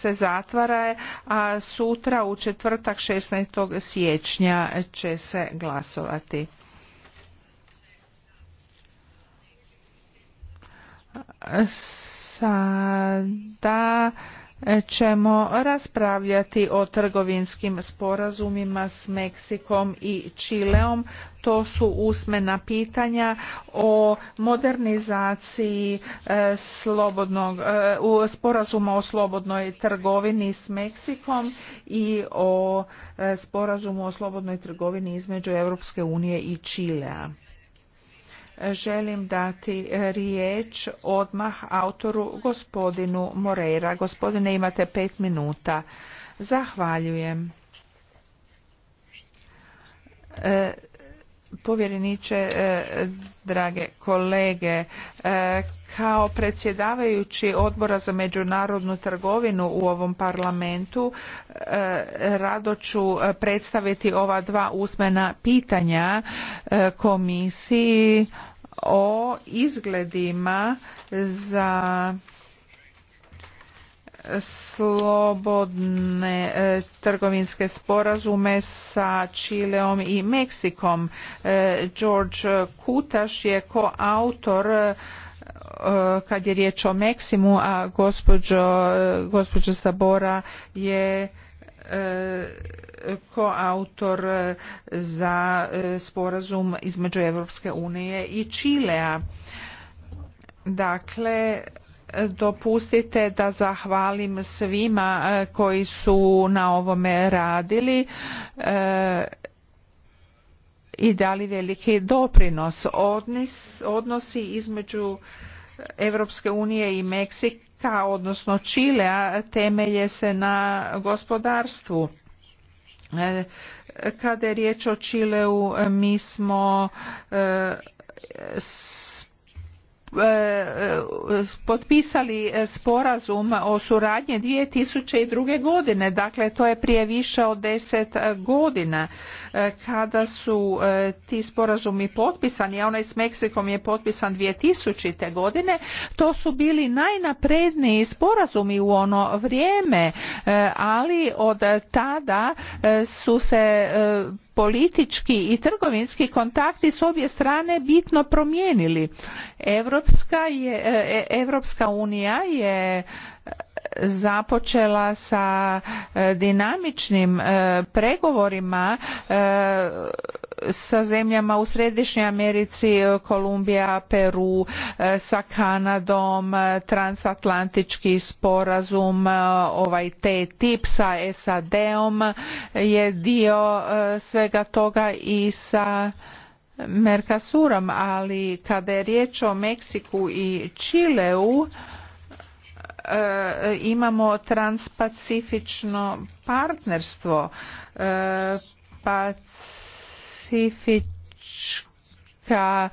se zatvara, a sutra u četvrtak 16. siječnja će se glasovati. Sada ćemo raspravljati o trgovinskim sporazumima s Meksikom i Čileom. To su usmena pitanja o modernizaciji e, e, sporazuma o slobodnoj trgovini s Meksikom i o e, sporazumu o slobodnoj trgovini između Europske unije i Čilea želim dati riječ odmah autoru gospodinu Moreira. Gospodine, imate pet minuta. Zahvaljujem. E, povjereniče, e, drage kolege, e, kao predsjedavajući odbora za međunarodnu trgovinu u ovom parlamentu e, rado ću predstaviti ova dva usmena pitanja komisiji o izgledima za slobodne e, trgovinske sporazume sa Čileom i Meksikom. E, George Kutaš je koautor e, kad je riječ o Meksimu, a gospođo, gospođa Sabora je koautor za sporazum između Europske unije i Čilea. Dakle, dopustite da zahvalim svima e, koji su na ovome radili e, i dali veliki doprinos odnosi između Europske unije i Meksika odnosno Čilea temelje se na gospodarstvu e, kada je riječ o Čileu mi smo potpisali sporazum o suradnje 2002. godine, dakle to je prije više od deset godina kada su e, ti sporazumi potpisani, a onaj s Meksikom je potpisan 2000. godine, to su bili najnapredniji sporazumi u ono vrijeme, e, ali od tada e, su se politički i trgovinski kontakti s obje strane bitno promijenili. Europska, Europska e, e, unija je započela sa e, dinamičnim e, pregovorima e, sa zemljama u Središnjoj Americi, Kolumbija, Peru, sa Kanadom, transatlantički sporazum, ovaj te sa SAD-om je dio svega toga i sa Merkasurom. ali kada je riječ o Meksiku i Čileu, E, imamo transpacifično partnerstvo e, pacifička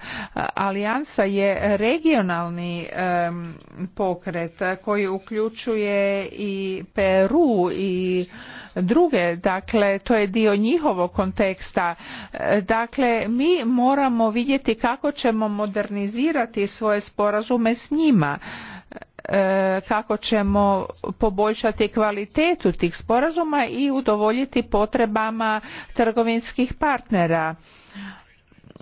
alijansa je regionalni e, pokret koji uključuje i Peru i druge dakle to je dio njihovog konteksta dakle mi moramo vidjeti kako ćemo modernizirati svoje sporazume s njima E, kako ćemo poboljšati kvalitetu tih sporazuma i udovoljiti potrebama trgovinskih partnera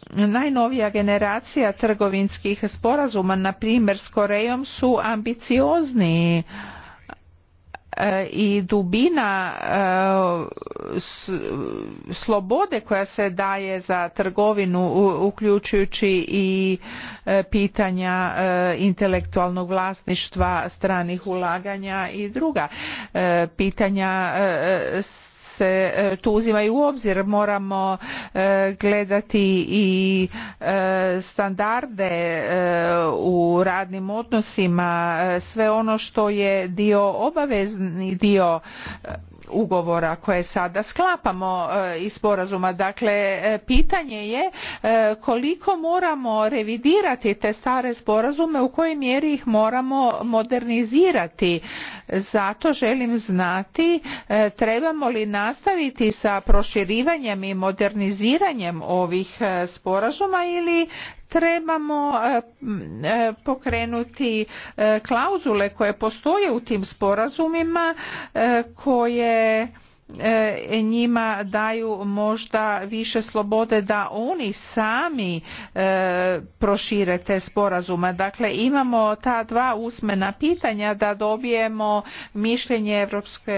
najnovija generacija trgovinskih sporazuma na primjer s korejom su ambiciozniji E, i dubina e, slobode koja se daje za trgovinu uključujući i e, pitanja intelektualnog vlasništva stranih ulaganja i druga pitanja se e, tu uzimaju u obzir. Moramo e, gledati i e, standarde u radnim odnosima, sve ono što je dio obavezni dio ugovora koje sada sklapamo e, i sporazuma. Dakle, e, pitanje je e, koliko moramo revidirati te stare sporazume, u kojoj mjeri ih moramo modernizirati. Zato želim znati trebamo li nastaviti sa proširivanjem i moderniziranjem ovih sporazuma ili trebamo e, e, pokrenuti e, klauzule koje postoje u tim sporazumima koje E, njima daju možda više slobode da oni sami e, prošire te sporazume. Dakle, imamo ta dva usmena pitanja da dobijemo mišljenje Europske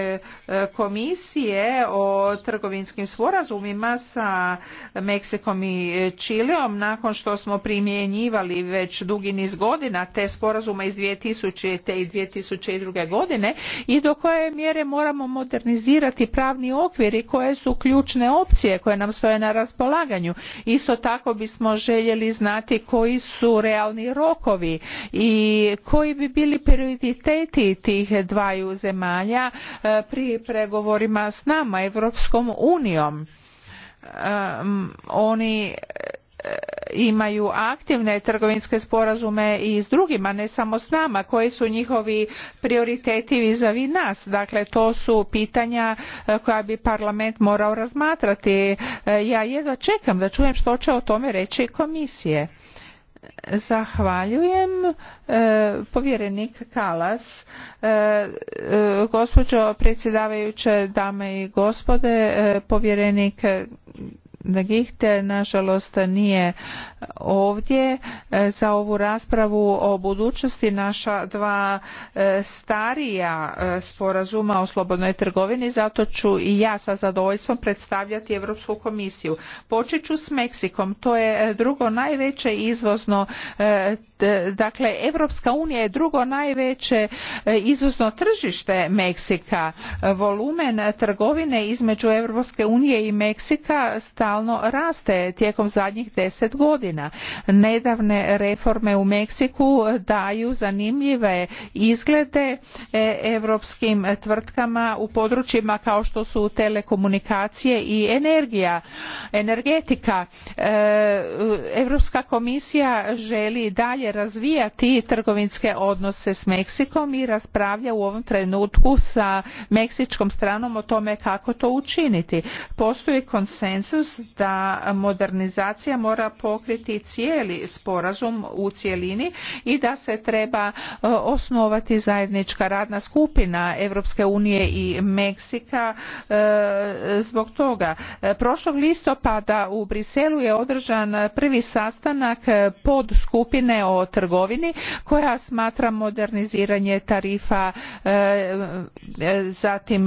e, komisije o trgovinskim sporazumima sa Meksikom i Čileom nakon što smo primjenjivali već dugi niz godina te sporazume iz 2000. i 2002. godine i do koje mjere moramo modernizirati pravni okvir koje su ključne opcije koje nam stoje na raspolaganju. Isto tako bismo željeli znati koji su realni rokovi i koji bi bili prioriteti tih dvaju zemalja e, pri pregovorima s nama, Europskom unijom. E, oni imaju aktivne trgovinske sporazume i s drugima ne samo s nama koji su njihovi prioriteti vis-a-vis nas dakle to su pitanja e, koja bi parlament morao razmatrati e, ja jedva čekam da čujem što će o tome reći komisije Zahvaljujem. E, povjerenik Kalas, gospođo predsjedavajuće, dame i gospode, povjerenik Eh, nažalost nije ovdje eh, za ovu raspravu o budućnosti naša dva eh, starija sporazuma o slobodnoj trgovini zato ću i ja sa zadovoljstvom predstavljati Europsku komisiju. Počet ću s Meksikom, to je drugo najveće izvozno, dakle Europska unija je drugo najveće izvozno tržište Meksika. Volumen trgovine između Europske unije i Meksika sta stalno raste tijekom zadnjih deset godina. Nedavne reforme u Meksiku daju zanimljive izglede europskim tvrtkama u područjima kao što su telekomunikacije i energija, energetika. Europska komisija želi dalje razvijati trgovinske odnose s Meksikom i raspravlja u ovom trenutku sa meksičkom stranom o tome kako to učiniti. Postoji konsenzus da modernizacija mora pokriti cijeli sporazum u cjelini i da se treba e, osnovati zajednička radna skupina Europske unije i Meksika e, zbog toga. E, prošlog listopada u Briselu je održan prvi sastanak pod skupine o trgovini koja smatra moderniziranje tarifa zatim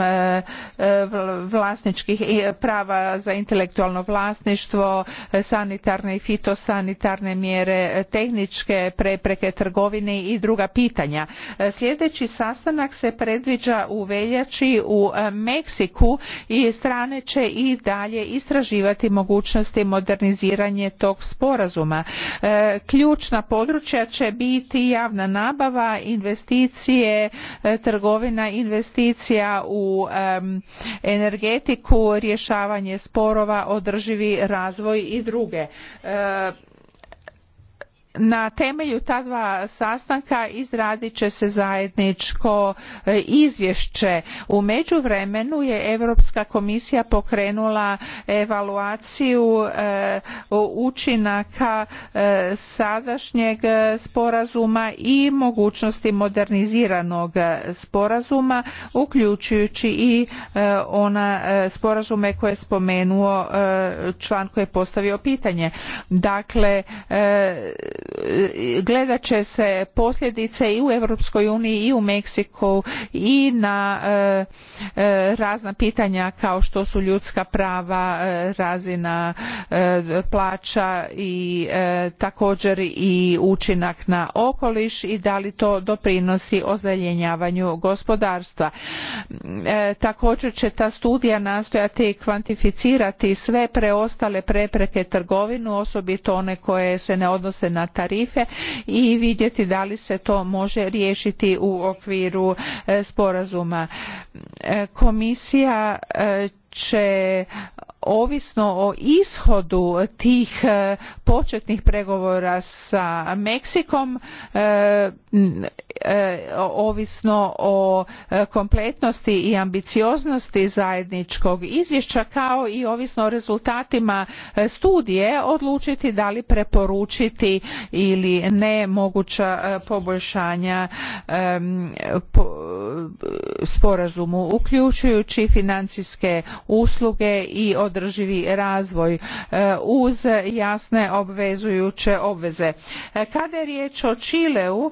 vlasničkih prava za intelektualno vlasništvo sanitarne i fitosanitarne mjere tehničke prepreke trgovine i druga pitanja sljedeći sastanak se predviđa u veljači u meksiku i strane će i dalje istraživati mogućnosti moderniziranja tog sporazuma e, ključna područja će biti javna nabava investicije e, trgovina investicija u energetiku rješavanje sporova od održivi razvoj i druge e, na temelju ta dva sastanka izradit će se zajedničko e, izvješće. u međuvremenu je europska komisija pokrenula evaluaciju e, učinaka e, sadašnjeg sporazuma i mogućnosti moderniziranog sporazuma uključujući i ona sporazume koje je spomenuo član koji je postavio pitanje. dakle gledat će se posljedice i u Europskoj uniji i u Meksiku i na e, e, razna pitanja kao što su ljudska prava, e, razina plaća i također i učinak na okoliš i da li to doprinosi ozeljenjavanju gospodarstva. Također će ta studija nastojati kvantificirati sve preostale prepreke trgovinu, osobito one koje se ne odnose na tarife i vidjeti da li se to može riješiti u okviru e, sporazuma. E, komisija e, će ovisno o ishodu tih e, početnih pregovora sa Meksikom e, e, ovisno o kompletnosti i ambicioznosti zajedničkog izvješća kao i ovisno o rezultatima studije odlučiti da li preporučiti ili ne moguća poboljšanja sporazumu uključujući financijske usluge i od održivi razvoj e, uz jasne obvezujuće obveze. E, kada je riječ o Čileu, e,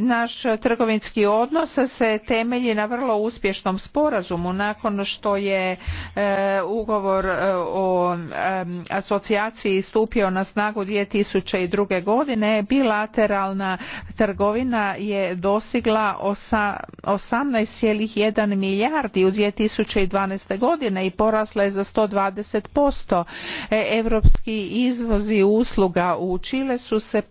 naš trgovinski odnos se temelji na vrlo uspješnom sporazumu nakon što je ugovor o asocijaciji stupio na snagu 2002. godine bilateralna trgovina je dosigla 18,1 milijardi u 2012. godine i porasla je za posto Europski izvozi usluga u Čile su se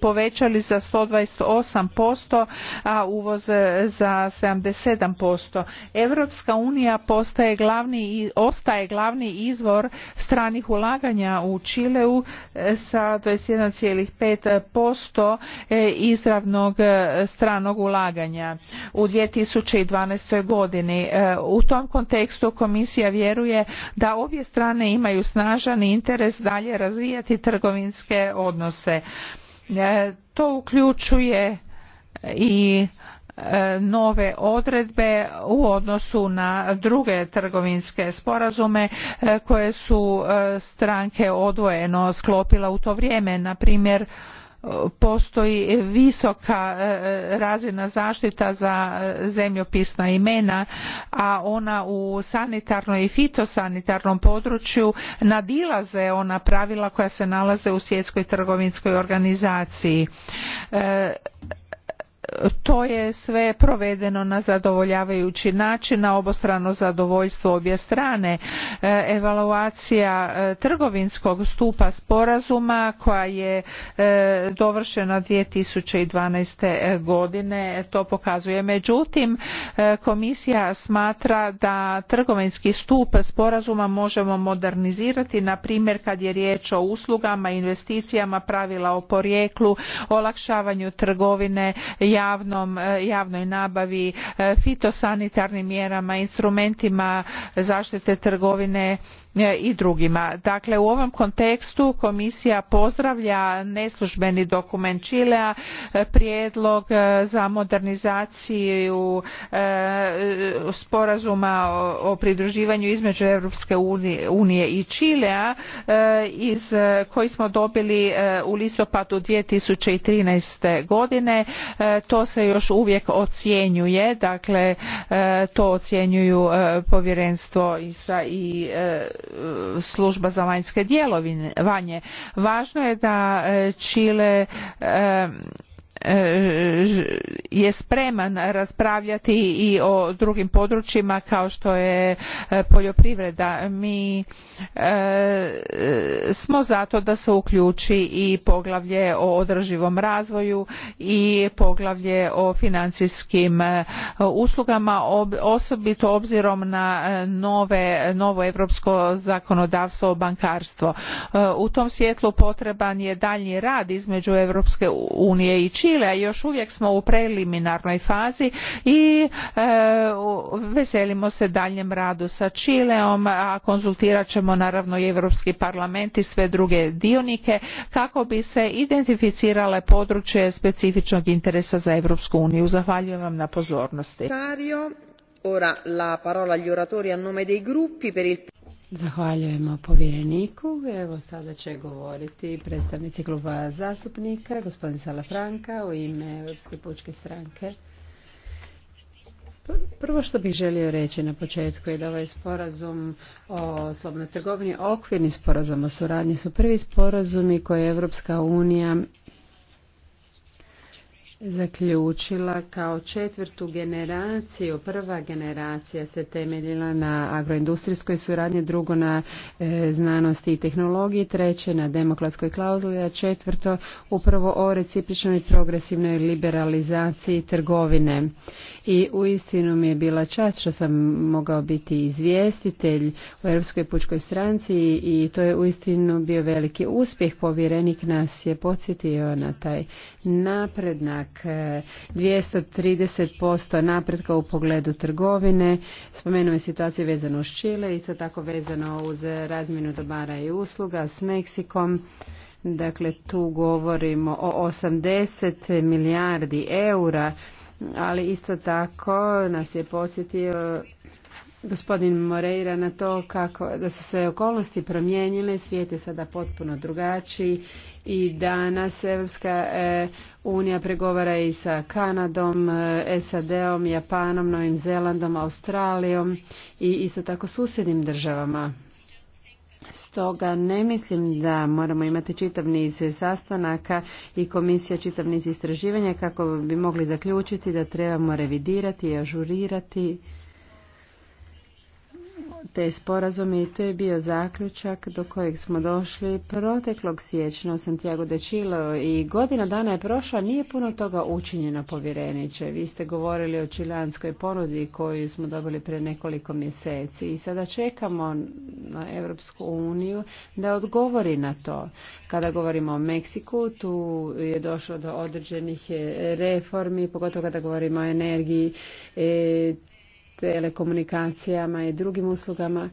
povećali za 128%, a uvoz e, za 77%. Europska unija postaje glavni, ostaje glavni izvor stranih ulaganja u Čileu e, sa 21,5% e, izravnog stranog ulaganja u 2012. godini. U tom kontekstu komisija vjeruje da obje strane imaju snažan interes dalje razvijati trgovinske odnose. E, to uključuje i e, nove odredbe u odnosu na druge trgovinske sporazume e, koje su stranke odvojeno sklopile u to vrijeme na primjer postoji visoka e, razina zaštita za e, zemljopisna imena a ona u sanitarnom i fitosanitarnom području nadilaze ona pravila koja se nalaze u svjetskoj trgovinskoj organizaciji e, to je sve provedeno na zadovoljavajući način na obostrano zadovoljstvo obje strane e, evaluacija e, trgovinskog stupa sporazuma koja je e, dovršena 2012. godine to pokazuje međutim komisija smatra da trgovinski stup sporazuma možemo modernizirati na primjer kad je riječ o uslugama investicijama pravila o porijeklu olakšavanju trgovine E, javnoj nabavi, e, fitosanitarnim mjerama, instrumentima zaštite trgovine E, i drugima. Dakle, u ovom kontekstu komisija pozdravlja neslužbeni dokument Čilea, e, prijedlog e, za modernizaciju sporazuma o pridruživanju između Europske unije i Čilea iz koji smo dobili u listopadu 2013. godine. To se još uvijek ocjenjuje, dakle to ocjenjuju povjerenstvo ISA i E, služba za vanjske djelovanje. Važno je da e, Čile e, E, je spreman raspravljati i o drugim područjima kao što je e, poljoprivreda. Mi e, smo zato da se uključi i poglavlje o održivom razvoju i poglavlje o financijskim uslugama, osobito obzirom na nove, novo europsko zakonodavstvo o bankarstvo. U tom svjetlu potreban je daljnji rad između Europske unije i Čile Čile, još uvijek smo u preliminarnoj fazi i e, veselimo se daljem radu sa Čileom, a konzultirat ćemo naravno i Europski parlament i sve druge dionike kako bi se identificirale područje specifičnog interesa za Europsku uniju. Zahvaljujem vam na pozornosti. Ora la parola agli oratori a nome Zahvaljujemo povjereniku. Evo sada će govoriti predstavnici kluba zastupnika, gospodin Salafranka u ime Europske pučke stranke. Prvo što bih želio reći na početku je da ovaj sporazum o slobodnoj trgovini, okvirni sporazum o suradnji su prvi sporazumi koje je Europska unija zaključila kao četvrtu generaciju. Prva generacija se temeljila na agroindustrijskoj suradnji, drugo na e, znanosti i tehnologiji, treće na demokratskoj klauzuli, a četvrto upravo o recipročnoj progresivnoj liberalizaciji trgovine. I uistinu mi je bila čast što sam mogao biti izvjestitelj u Europskoj pučkoj stranci i to je uistinu bio veliki uspjeh. Povjerenik nas je podsjetio na taj naprednak E, trideset 230% napretka u pogledu trgovine. Spomenuo je situaciju vezano uz Čile, isto tako vezano uz razmjenu dobara i usluga s Meksikom. Dakle, tu govorimo o 80 milijardi eura, ali isto tako nas je podsjetio gospodin Moreira na to kako da su se okolnosti promijenile, svijet je sada potpuno drugačiji i danas Evropska eh, unija pregovara i sa Kanadom, eh, SAD-om, Japanom, Novim Zelandom, Australijom i isto tako susjednim državama. Stoga ne mislim da moramo imati čitav niz sastanaka i komisija čitav niz istraživanja kako bi mogli zaključiti da trebamo revidirati i ažurirati te sporazume i to je bio zaključak do kojeg smo došli proteklog siječnja u Santiago de Chile i godina dana je prošla, nije puno toga učinjeno povjereniče. Vi ste govorili o čilanskoj ponudi koju smo dobili pre nekoliko mjeseci i sada čekamo na Europsku uniju da odgovori na to. Kada govorimo o Meksiku, tu je došlo do određenih eh, reformi, pogotovo kada govorimo o energiji, eh, telekomunikacijama i drugim uslugama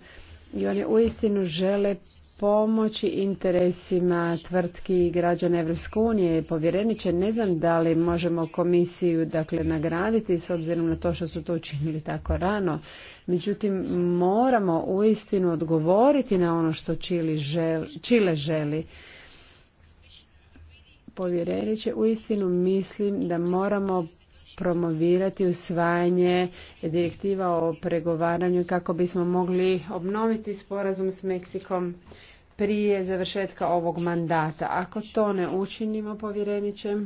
i oni uistinu žele pomoći interesima tvrtki i građana Evropske unije. Povjereniče, ne znam da li možemo komisiju dakle, nagraditi s obzirom na to što su to učinili tako rano. Međutim, moramo uistinu odgovoriti na ono što Čili Čile želi. Povjereniče, uistinu mislim da moramo promovirati usvajanje direktiva o pregovaranju kako bismo mogli obnoviti sporazum s Meksikom prije završetka ovog mandata. Ako to ne učinimo, povjereniče,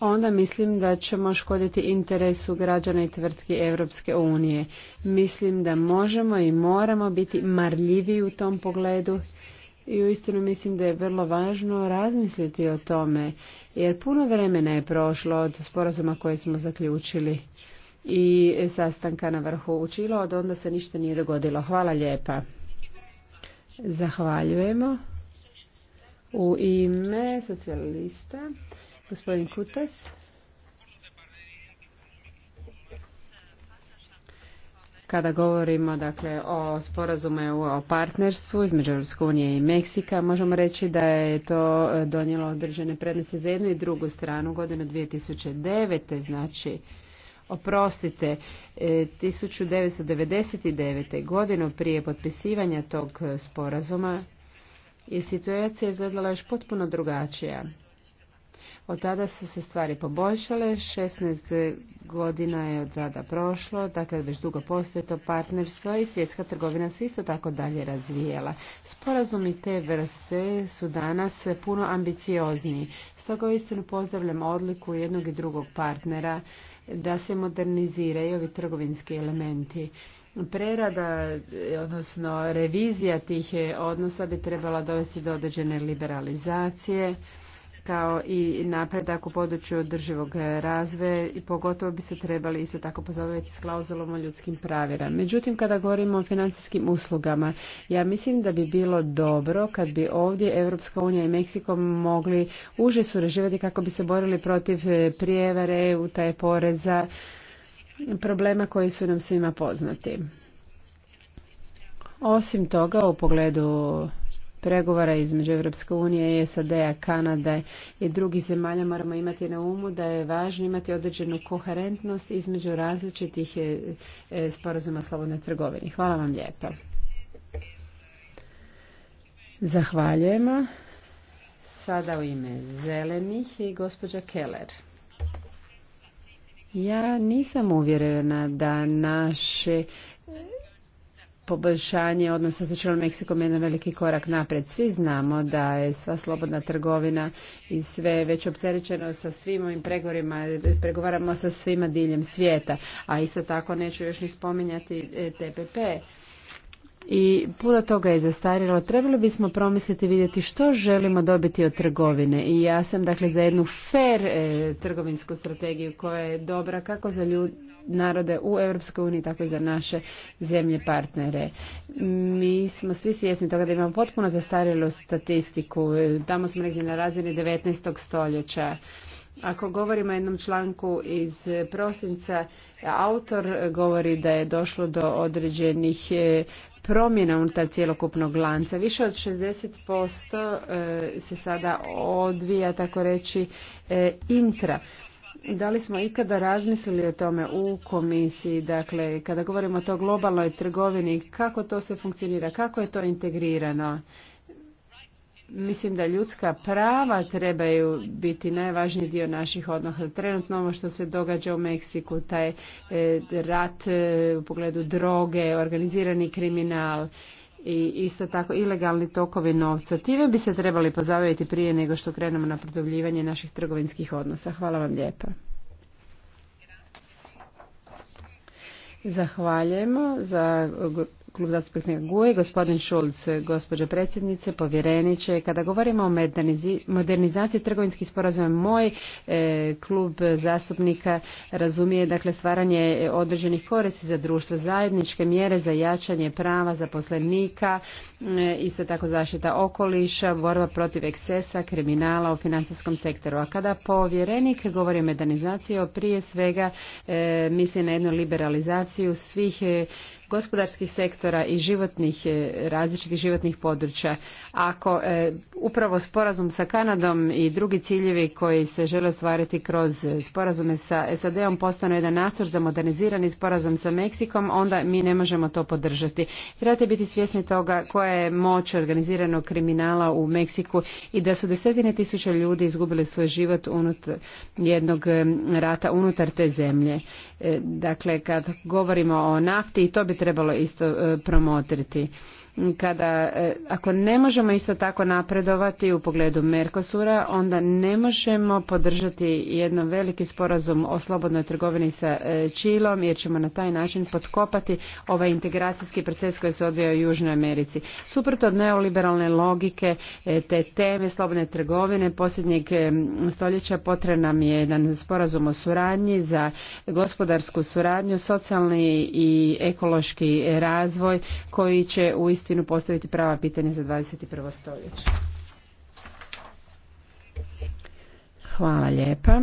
onda mislim da ćemo škoditi interesu građana i tvrtki Europske unije. Mislim da možemo i moramo biti marljivi u tom pogledu i uistinu mislim da je vrlo važno razmisliti o tome jer puno vremena je prošlo od sporazuma koje smo zaključili i sastanka na vrhu učilo, od onda se ništa nije dogodilo. Hvala lijepa. Zahvaljujemo. U ime socijalista, gospodin Kutas. Kada govorimo dakle, o sporazumu o partnerstvu između Europske unije i Meksika, možemo reći da je to e, donijelo određene prednosti za jednu i drugu stranu. Godinu 2009. znači Oprostite, 1999. E, godinu prije potpisivanja tog e, sporazuma je situacija izgledala još potpuno drugačija. Od tada su se stvari poboljšale, 16 godina je od tada prošlo, dakle već dugo postoje to partnerstvo i svjetska trgovina se isto tako dalje razvijela. Sporazumi te vrste su danas puno ambiciozniji, stoga istinu pozdravljam odliku jednog i drugog partnera da se moderniziraju ovi trgovinski elementi. Prerada, odnosno revizija tih odnosa bi trebala dovesti do određene liberalizacije, kao i napredak u području održivog razvoja i pogotovo bi se trebali isto tako pozabaviti s klauzulom o ljudskim pravima. Međutim, kada govorimo o financijskim uslugama, ja mislim da bi bilo dobro kad bi ovdje Europska unija i Meksiko mogli uže surađivati kako bi se borili protiv prijevare, utaje poreza, problema koji su nam svima poznati. Osim toga, u pogledu pregovora između Europske unije SAD-a, Kanade i drugih zemalja moramo imati na umu da je važno imati određenu koherentnost između različitih e, e, sporazuma slobodne trgovini. Hvala vam lijepa. Zahvaljujemo. Sada u ime zelenih i gospođa Keller. Ja nisam uvjerena da naše poboljšanje odnosa sa čelom Meksikom je jedan veliki korak napred. Svi znamo da je sva slobodna trgovina i sve već opterećeno sa svim ovim pregovorima, pregovaramo sa svima diljem svijeta, a isto tako neću još ni spominjati e, TPP. I puno toga je zastarilo. Trebali bismo promisliti vidjeti što želimo dobiti od trgovine. I ja sam dakle za jednu fair e, trgovinsku strategiju koja je dobra kako za ljudi narode u Europskoj uniji, tako i za naše zemlje partnere. Mi smo svi svjesni toga da imamo potpuno zastarjelu statistiku. Tamo smo negdje na razini 19. stoljeća. Ako govorimo o jednom članku iz prosinca, autor govori da je došlo do određenih e, promjena unutar cjelokupnog lanca. Više od 60% e, se sada odvija, tako reći, e, intra da li smo ikada razmislili o tome u komisiji, dakle, kada govorimo o to globalnoj trgovini, kako to se funkcionira, kako je to integrirano? Mislim da ljudska prava trebaju biti najvažniji dio naših odnosa. Trenutno ovo što se događa u Meksiku, taj e, rat e, u pogledu droge, organizirani kriminal, i isto tako ilegalni tokovi novca. Time bi se trebali pozabaviti prije nego što krenemo na produbljivanje naših trgovinskih odnosa. Hvala vam lijepa. Zahvaljujemo za Klub zastupnika GUE, gospodin Šulc, gospođo predsjednice, povjereniče. Kada govorimo o modernizaciji trgovinskih sporazuma, moj e, klub zastupnika razumije dakle, stvaranje određenih koristi za društvo, zajedničke mjere za jačanje prava zaposlenika, e, isto tako zaštita okoliša, borba protiv ekscesa, kriminala u financijskom sektoru. A kada povjerenik govori o modernizaciji, prije svega e, misli na jednu liberalizaciju svih e, gospodarskih sektora i životnih, e, različitih životnih područja. Ako e, upravo sporazum sa Kanadom i drugi ciljevi koji se žele ostvariti kroz e, sporazume sa SAD-om postanu jedan nacrt za modernizirani sporazum sa Meksikom, onda mi ne možemo to podržati. Trebate biti svjesni toga koja je moć organiziranog kriminala u Meksiku i da su desetine tisuća ljudi izgubili svoj život unutar jednog rata unutar te zemlje. Dakle, kad govorimo o nafti, i to bi trebalo isto e, promotriti kada e, ako ne možemo isto tako napredovati u pogledu Mercosura, onda ne možemo podržati jedan veliki sporazum o slobodnoj trgovini sa e, Čilom, jer ćemo na taj način potkopati ovaj integracijski proces koji se odvija u Južnoj Americi. Suprot od neoliberalne logike e, te teme slobodne trgovine posljednjeg stoljeća potrebna nam je jedan sporazum o suradnji za gospodarsku suradnju, socijalni i ekološki razvoj koji će isti uistinu postaviti prava pitanja za 21. stoljeće. Hvala lijepa.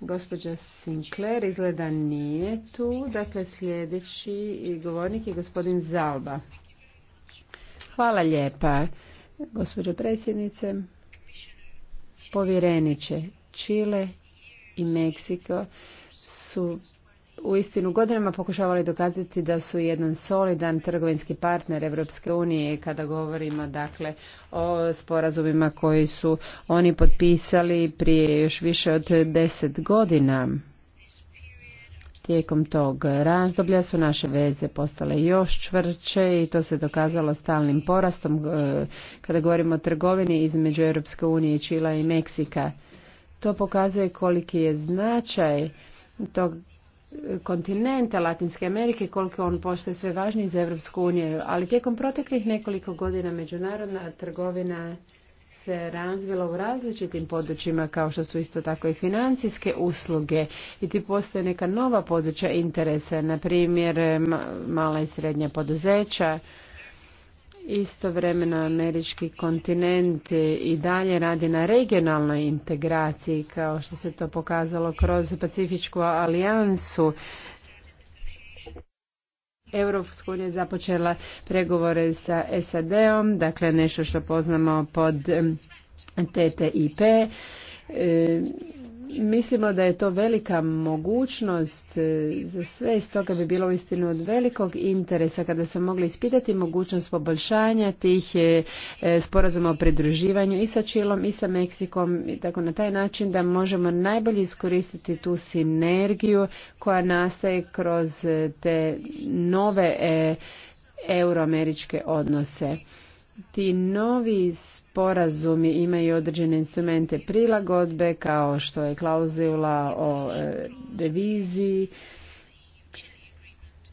Gospođa Sinclair izgleda nije tu. Dakle, sljedeći govornik je gospodin Zalba. Hvala lijepa, gospođo predsjednice. Povjereniče, Čile i Meksiko su u istinu godinama pokušavali dokazati da su jedan solidan trgovinski partner Europske unije kada govorimo dakle o sporazumima koji su oni potpisali prije još više od deset godina. Tijekom tog razdoblja su naše veze postale još čvrće i to se dokazalo stalnim porastom e, kada govorimo o trgovini između Europske unije, Čila i Meksika. To pokazuje koliki je značaj tog kontinenta Latinske Amerike, koliko on postaje sve važniji za Europsku uniju, ali tijekom proteklih nekoliko godina međunarodna trgovina se razvila u različitim područjima kao što su isto tako i financijske usluge i ti postoje neka nova područja interesa, na primjer mala i srednja poduzeća, Istovremeno američki kontinent i dalje radi na regionalnoj integraciji kao što se to pokazalo kroz Pacifičku alijansu. Europska unija započela pregovore sa SAD-om, dakle nešto što poznamo pod TTIP. E, Mislimo da je to velika mogućnost e, za sve iz stoga bi bilo uistinu od velikog interesa kada smo mogli ispitati mogućnost poboljšanja tih e, e, sporazuma o pridruživanju i sa Čilom i sa Meksikom i tako na taj način da možemo najbolje iskoristiti tu sinergiju koja nastaje kroz te nove euroameričke odnose ti novi sporazumi imaju određene instrumente prilagodbe kao što je klauzula o e, deviziji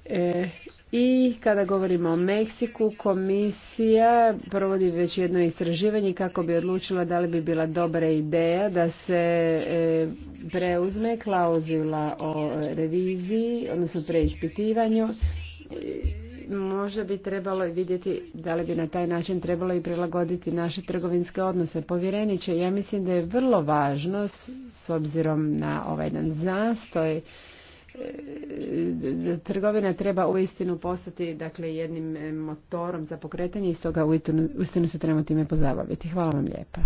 reviziji i kada govorimo o Meksiku, komisija provodi već jedno istraživanje kako bi odlučila da li bi bila dobra ideja da se e, preuzme klauzula o e, reviziji, odnosno preispitivanju možda bi trebalo i vidjeti da li bi na taj način trebalo i prilagoditi naše trgovinske odnose. Povjereniće, ja mislim da je vrlo važno s obzirom na ovaj jedan zastoj e, da trgovina treba uistinu postati dakle jednim e, motorom za pokretanje i stoga istinu se trebamo time pozabaviti. Hvala vam lijepa.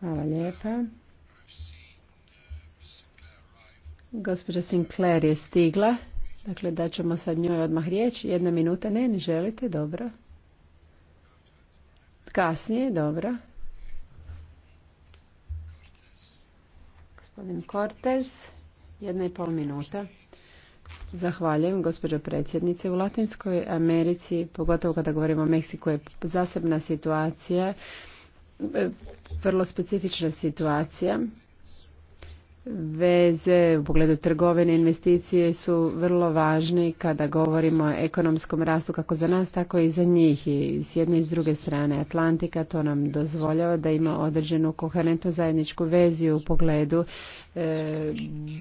Hvala lijepa. Gospođa Sinclair je stigla. Dakle, da ćemo sad njoj odmah riječ. Jedna minuta. Ne, ne želite. Dobro. Kasnije. Dobro. Gospodin Cortez. Jedna i pol minuta. Zahvaljujem, gospođo predsjednice. U Latinskoj Americi, pogotovo kada govorimo o Meksiku, je zasebna situacija, e, vrlo specifična situacija Veze u pogledu trgovine investicije su vrlo važne kada govorimo o ekonomskom rastu kako za nas tako i za njih i s jedne i s druge strane Atlantika to nam dozvoljava da ima određenu koherentnu zajedničku veziju u pogledu e,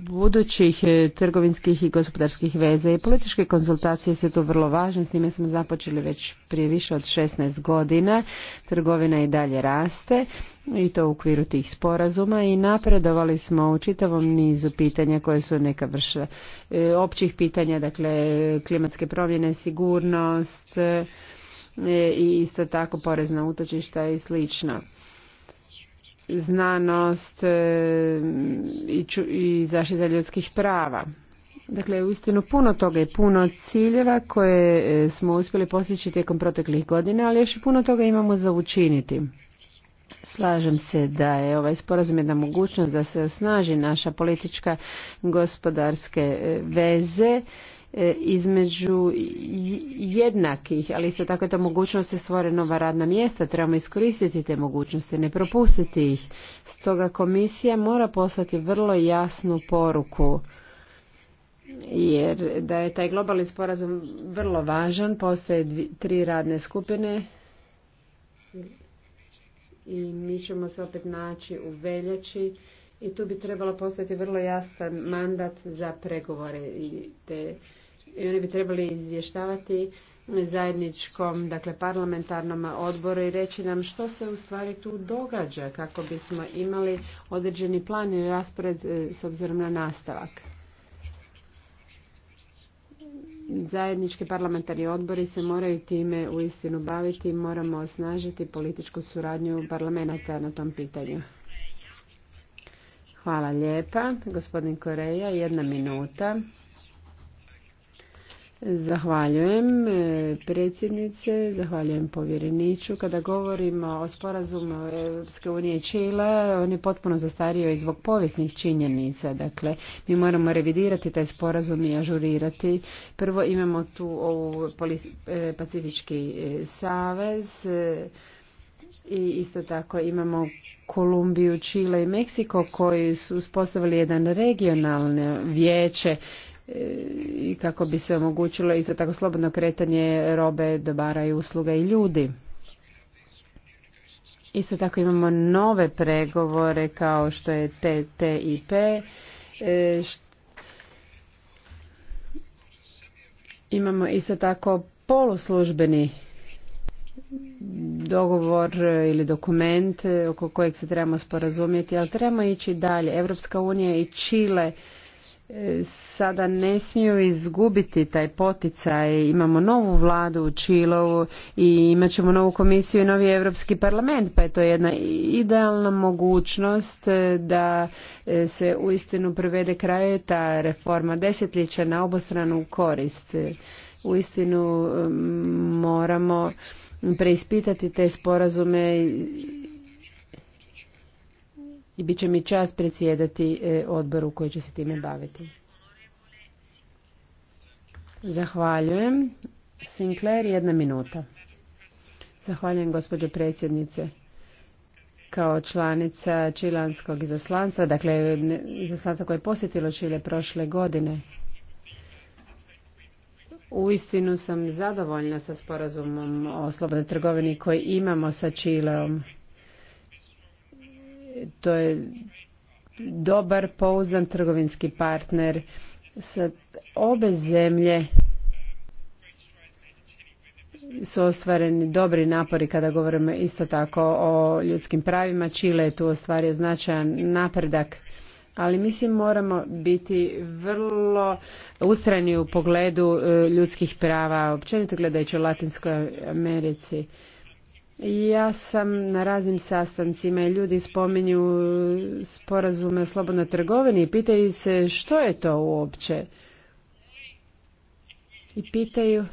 budućih e, trgovinskih i gospodarskih veza i političke konzultacije su to vrlo važne s njime smo započeli već prije više od 16 godina trgovina i dalje raste i to u okviru tih sporazuma i napredovali smo u čitavom nizu pitanja koje su neka vrša e, općih pitanja, dakle klimatske promjene, sigurnost e, i isto tako porezna utočišta i slično znanost e, i zaštita ljudskih prava. Dakle, uistinu puno toga je puno ciljeva koje smo uspjeli postići tijekom proteklih godina, ali još i puno toga imamo za učiniti. Slažem se da je ovaj sporazum jedna mogućnost da se osnaži naša politička gospodarske e, veze e, između jednakih, ali isto tako je to mogućnost se stvore nova radna mjesta, trebamo iskoristiti te mogućnosti, ne propustiti ih. Stoga komisija mora poslati vrlo jasnu poruku jer da je taj globalni sporazum vrlo važan, postoje tri radne skupine i mi ćemo se opet naći u veljači i tu bi trebalo postati vrlo jasan mandat za pregovore i te i oni bi trebali izvještavati zajedničkom, dakle parlamentarnom odboru i reći nam što se u stvari tu događa kako bismo imali određeni plan i raspored e, s obzirom na nastavak zajednički parlamentarni odbori se moraju time u istinu baviti moramo osnažiti političku suradnju parlamenta na tom pitanju. Hvala lijepa. Gospodin Koreja, jedna minuta. Zahvaljujem e, predsjednice, zahvaljujem povjereniču. Kada govorimo o sporazumu Europske unije i Čila, on je potpuno zastario i zbog povijesnih činjenica. Dakle, mi moramo revidirati taj sporazum i ažurirati. Prvo imamo tu ovu e, Pacifički e, savez i isto tako imamo Kolumbiju, Čile i Meksiko koji su uspostavili jedan regionalno vijeće i kako bi se omogućilo i za tako slobodno kretanje robe, dobara i usluga i ljudi. Isto tako imamo nove pregovore kao što je TTIP. E, imamo isto tako poluslužbeni dogovor ili dokument oko kojeg se trebamo sporazumjeti, ali trebamo ići dalje. Evropska unija i Čile sada ne smiju izgubiti taj poticaj. Imamo novu vladu u Čilovu i imat ćemo novu komisiju i novi Europski parlament, pa je to jedna idealna mogućnost da e, se uistinu prevede kraje ta reforma desetljeća na obostranu korist. Uistinu e, moramo preispitati te sporazume i bit će mi čas predsjedati e, odboru koji će se time baviti. Zahvaljujem. Sinclair, jedna minuta. Zahvaljujem gospođo predsjednice kao članica čilanskog izaslanstva, dakle izoslanca koje je posjetilo Čile prošle godine. Uistinu sam zadovoljna sa sporazumom o slobodnoj trgovini koji imamo sa Čileom to je dobar, pouzdan trgovinski partner. sa obe zemlje su ostvareni dobri napori kada govorimo isto tako o ljudskim pravima. Čile je tu ostvario značajan napredak, ali mislim moramo biti vrlo ustrajni u pogledu e, ljudskih prava, općenito gledajući u Latinskoj Americi. Ja sam na raznim sastancima i ljudi spominju sporazume o slobodnoj trgovini i pitaju se što je to uopće. I pitaju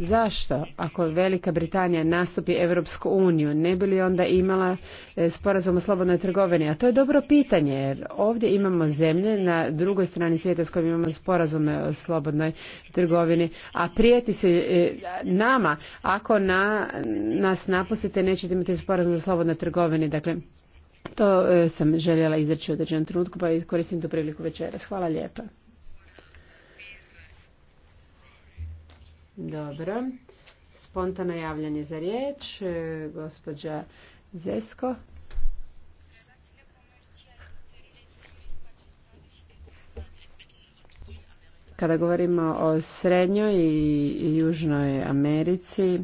Zašto, ako Velika Britanija nastupi Europsku uniju, ne bi li onda imala e, sporazum o slobodnoj trgovini? A to je dobro pitanje, jer ovdje imamo zemlje na drugoj strani svijeta s kojim imamo sporazume o slobodnoj trgovini, a prijeti se e, nama, ako na, nas napustite, nećete imati sporazum o slobodnoj trgovini. Dakle, to e, sam željela izreći u određenom trenutku, pa koristim tu priliku večeras. Hvala lijepa. Dobro. Spontano javljanje za riječ. E, gospođa Zesko. Kada govorimo o Srednjoj i Južnoj Americi,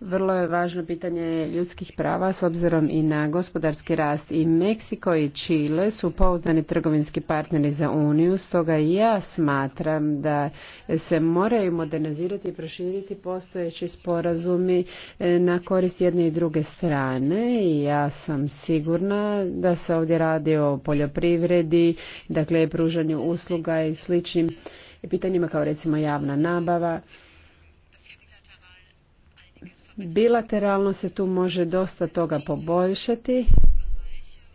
vrlo je važno pitanje ljudskih prava s obzirom i na gospodarski rast i Meksiko i Čile su pouzdani trgovinski partneri za Uniju, stoga i ja smatram da se moraju modernizirati i proširiti postojeći sporazumi e, na korist jedne i druge strane i ja sam sigurna da se ovdje radi o poljoprivredi, dakle pružanju usluga i sličnim pitanjima kao recimo javna nabava. Bilateralno se tu može dosta toga poboljšati.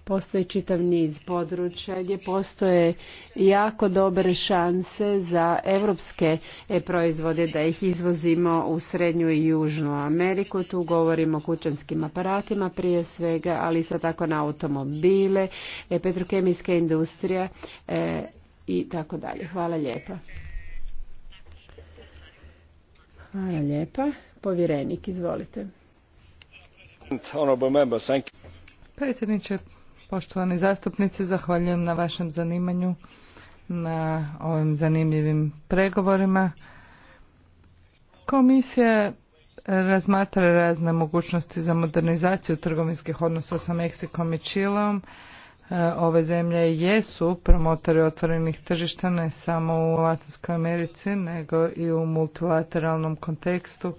Postoji čitav niz područja gdje postoje jako dobre šanse za evropske e, proizvode da ih izvozimo u Srednju i Južnu Ameriku. Tu govorimo o kućanskim aparatima prije svega, ali isto tako na automobile, e, petrokemijska industrija e, i tako dalje. Hvala lijepa. Hvala lijepa povjerenik. Izvolite. Predsjedniče, poštovani zastupnici, zahvaljujem na vašem zanimanju na ovim zanimljivim pregovorima. Komisija razmatra razne mogućnosti za modernizaciju trgovinskih odnosa sa Meksikom i Čilom. E, ove zemlje jesu promotori otvorenih tržišta ne samo u Latinskoj Americi, nego i u multilateralnom kontekstu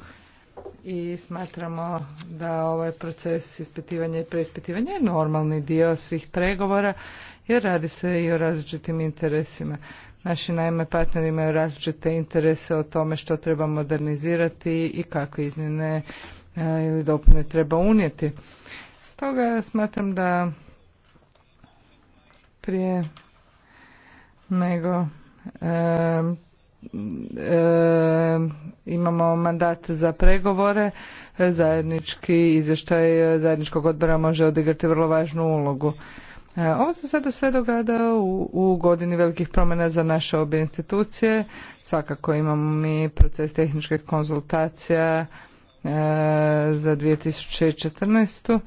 i smatramo da ovaj proces ispitivanja i preispitivanja je normalni dio svih pregovora jer radi se i o različitim interesima. Naši naime partneri imaju različite interese o tome što treba modernizirati i kakve izmjene e, ili dopune treba unijeti. Stoga smatram da prije nego e, E, imamo mandat za pregovore, zajednički izvještaj zajedničkog odbora može odigrati vrlo važnu ulogu. E, ovo se sada sve dogada u, godini velikih promjena za naše obje institucije. Svakako imamo mi proces tehničkih konzultacija e, za 2014.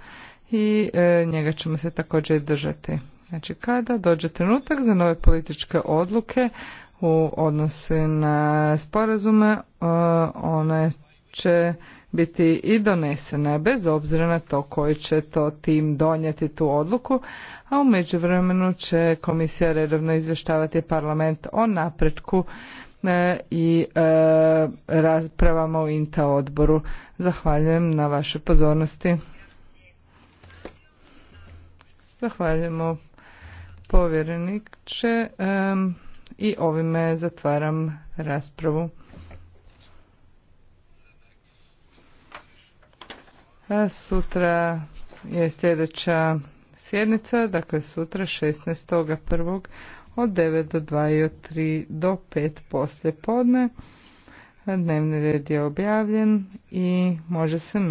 i e, njega ćemo se također držati. Znači kada dođe trenutak za nove političke odluke, u odnose na sporazume, e, one će biti i donesene bez obzira na to koji će to tim donijeti tu odluku, a u međuvremenu će komisija redovno izvještavati parlament o napretku e, i e, raspravama u INTA odboru. Zahvaljujem na vašoj pozornosti. Zahvaljujemo povjerenik će i ovime zatvaram raspravu. Sutra je sljedeća sjednica, dakle sutra 16.1. od 9 do 2 i od 3 do 5 poslje podne. Dnevni red je objavljen i može se na